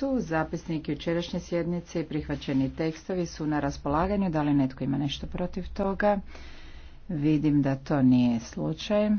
sjednicu. Zapisnik jučerašnje sjednice i prihvaćeni tekstovi su na raspolaganju. Da li netko ima nešto protiv toga? Vidim da to nije slučaj.